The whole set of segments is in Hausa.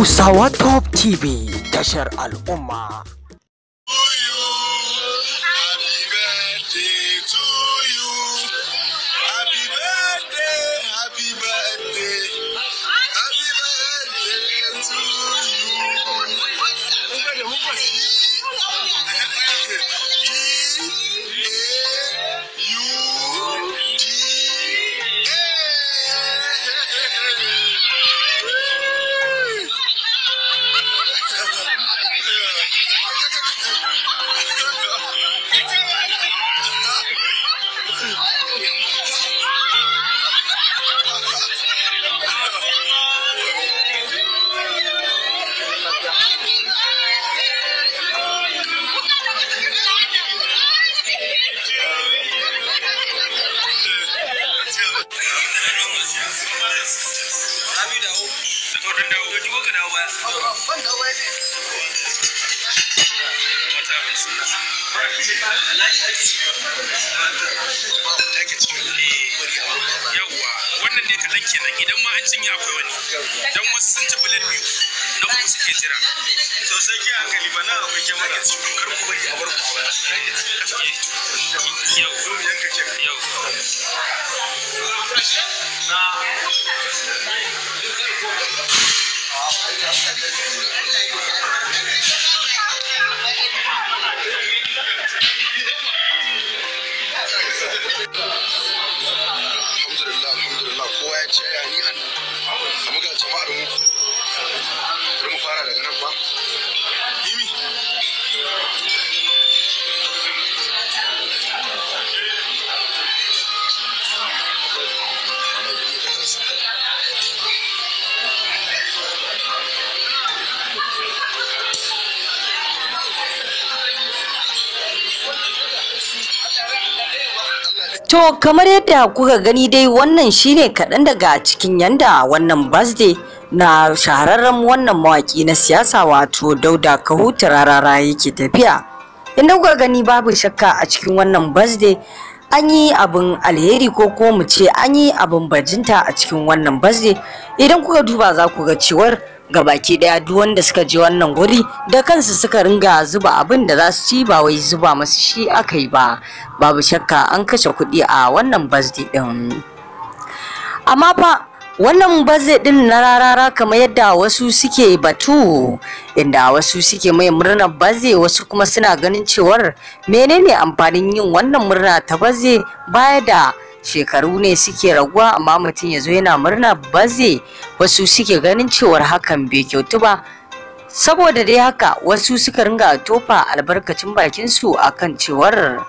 Hausawa Top TV tashar al'umma. Abi dawo. To dan dawo ga duka ka dawo baya. Ban dawo baya ne. Mata ban suna. Yawwa wannan dai kaɗan kenan idan ma an cinye akwai wani don wasu sun ci bulan biyu na uku suke jira. Sosai ki a kali ba na akwai kyamara kar ku bari a bar ku a baya. Yau. Yau. Yau. To kamar yadda kuka gani dai wannan shine kaɗan daga cikin yanda wannan birthday na shahararren wannan mawaƙi na siyasa wato dauda kahu rarara yake tafiya. Inda kuka gani babu shakka a cikin wannan birthday an yi abin alheri ko ko mu ce an yi abin bajinta a cikin wannan birthday idan kuka duba za ku ga cewar baki daya duk wanda suka je wannan guri da kansu suka ringa zuba abin da za su ci ba wai zuba masu shi aka yi ba babu shakka an kashe kuɗi a wannan birthday din amma fa wannan birthday din na rarara kamar yadda wasu suke batu inda wasu suke mai murna birthday wasu kuma suna ganin cewar menene amfanin yin wannan murna ta birthday baya da shekaru ne suke raguwa amma mutum ya zo yana murna ba wasu suke ganin cewar hakan bai kyautu ba saboda dai haka wasu suka ringa tofa albarkacin bakin su akan cewar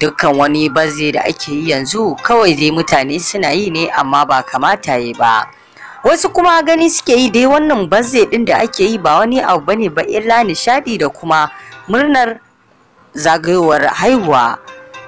dukkan wani baze da ake yi yanzu kawai dai mutane suna yi ne amma ba kamata yi ba wasu kuma gani suke yi dai wannan baze din da ake yi ba wani abu bane ba illa nishadi da kuma murnar zagayowar haihuwa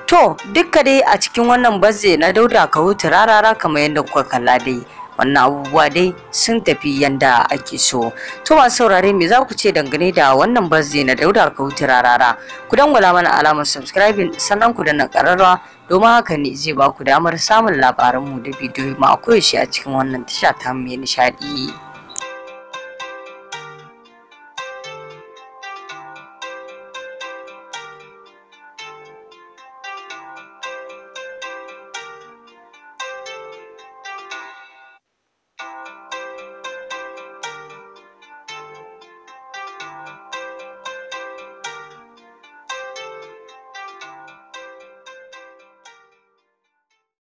To dukka dai a cikin wannan bazze na dauda ka wuta rarara kamar yadda kuka kalla dai wannan abubuwa dai sun tafi yanda ake so. To masu saurare me za ku ce dangane da wannan bazze na dauda ka wuta rarara? Ku dangwala mana alamar subscribing sannan ku danna kararwa domin haka ne zai ba ku damar samun labaran mu da bidiyo ma a koyaushe a cikin wannan tasha ta mai nishaɗi.